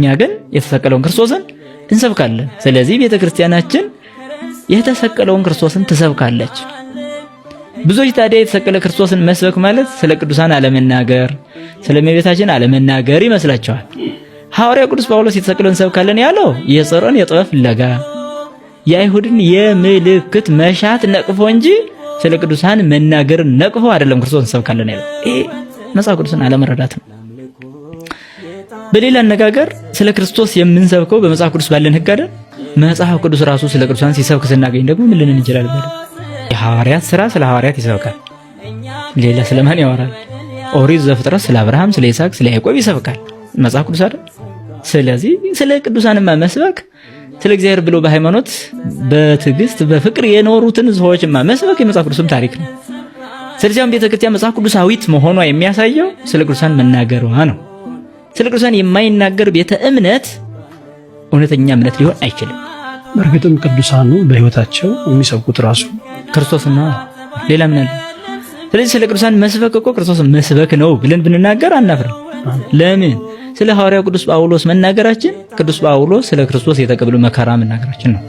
እኛ ግን የተሰቀለውን ክርስቶስን እንሰብካለን። ስለዚህ ቤተ ክርስቲያናችን የተሰቀለውን ክርስቶስን ትሰብካለች። ብዙዎች ታዲያ የተሰቀለ ክርስቶስን መስበክ ማለት ስለ ቅዱሳን አለመናገር፣ ስለ እመቤታችን አለመናገር ይመስላቸዋል። ሐዋርያ ቅዱስ ጳውሎስ የተሰቀለውን እንሰብካለን ያለው የጽርዕን የጥበብ ፍለጋ የአይሁድን የምልክት መሻት ነቅፎ እንጂ ስለ ቅዱሳን መናገር ነቅፎ አይደለም ክርስቶስን እንሰብካለን ያለው። ይሄ መጽሐፍ ቅዱስን አለመረዳት ነው። በሌላ አነጋገር ስለ ክርስቶስ የምንሰብከው በመጽሐፍ ቅዱስ ባለን ህግ አይደል? መጽሐፍ ቅዱስ ራሱ ስለ ቅዱሳን ሲሰብክ ስናገኝ ደግሞ ምን ልንን እንችላለን? የሐዋርያት ስራ ስለ ሐዋርያት ይሰብካል። ሌላ ስለማን ያወራል? ኦሪት ዘፍጥረት ስለ አብርሃም፣ ስለ ይስሐቅ፣ ስለ ያዕቆብ ይሰብካል መጽሐፍ ቅዱስ አይደል? ስለዚህ ስለ ቅዱሳንማ መስበክ ስለ እግዚአብሔር ብሎ በሃይማኖት በትዕግስት በፍቅር የኖሩትን ሰዎችማ መስበክ የመጽሐፍ ቅዱስም ታሪክ ነው። ስለዚያም ቤተክርስቲያን መጽሐፍ ቅዱሳዊት መሆኗ የሚያሳየው ስለ ቅዱሳን መናገሯ ነው። ስለ ቅዱሳን የማይናገር ቤተ እምነት እውነተኛ እምነት ሊሆን አይችልም። በእርግጥም ቅዱሳኑ በህይወታቸው የሚሰብኩት ራሱ ክርስቶስና ሌላ ምን አለ? ስለዚህ ስለ ቅዱሳን መስበክ እኮ ክርስቶስ መስበክ ነው ብለን ብንናገር አናፍርም። ለምን? ስለ ሐዋርያው ቅዱስ ጳውሎስ መናገራችን ቅዱስ ጳውሎስ ስለ ክርስቶስ የተቀበለው መከራ መናገራችን ነው።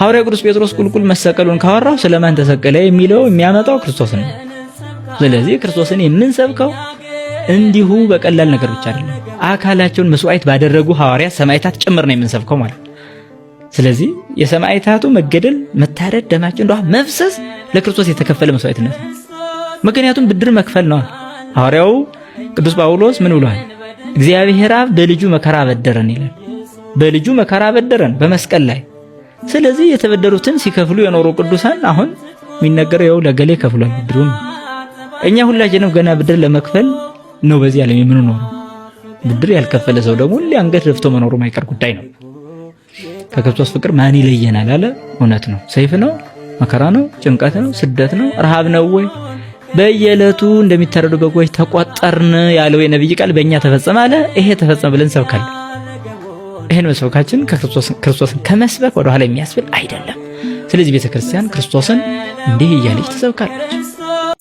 ሐዋርያው ቅዱስ ጴጥሮስ ቁልቁል መሰቀሉን ካወራው ስለማን ተሰቀለ የሚለው የሚያመጣው ክርስቶስ ነው። ስለዚህ ክርስቶስን የምንሰብከው እንዲሁ በቀላል ነገር ብቻ አይደለም። አካላቸውን መስዋዕት ባደረጉ ሐዋርያ ሰማዕታት ጭምር ነው የምንሰብከው ማለት። ስለዚህ የሰማዕታቱ መገደል፣ መታረድ፣ ደማቸው እንደ መፍሰስ ለክርስቶስ የተከፈለ መስዋዕትነት ነው። ምክንያቱም ብድር መክፈል ነው። ሐዋርያው ቅዱስ ጳውሎስ ምን ብሏል? እግዚአብሔር አብ በልጁ መከራ በደረን ይላል። በልጁ መከራ በደረን በመስቀል ላይ። ስለዚህ የተበደሩትን ሲከፍሉ የኖሩ ቅዱሳን አሁን የሚነገረው ለገሌ ከፍሏል ብድሩን። እኛ ሁላችንም ገና ብድር ለመክፈል ነው በዚህ ዓለም የምንኖረው። ብድር ያልከፈለ ሰው ደግሞ ሁሌ አንገት ደፍቶ መኖሩ ማይቀር ጉዳይ ነው። ከክርስቶስ ፍቅር ማን ይለየናል አለ። እውነት ነው። ሰይፍ ነው፣ መከራ ነው፣ ጭንቀት ነው፣ ስደት ነው፣ ረሃብ ነው ወይ በየዕለቱ እንደሚታረዱ በጎች ተቆጠርን ያለው የነቢይ ቃል በእኛ ተፈጸመ አለ። ይሄ ተፈጸመ ብለን ሰብካለን። ይህን መስበካችን ክርስቶስን ከመስበክ ወደኋላ የሚያስብል አይደለም። ስለዚህ ቤተክርስቲያን ክርስቶስን እንዲህ እያለች ትሰብካለች።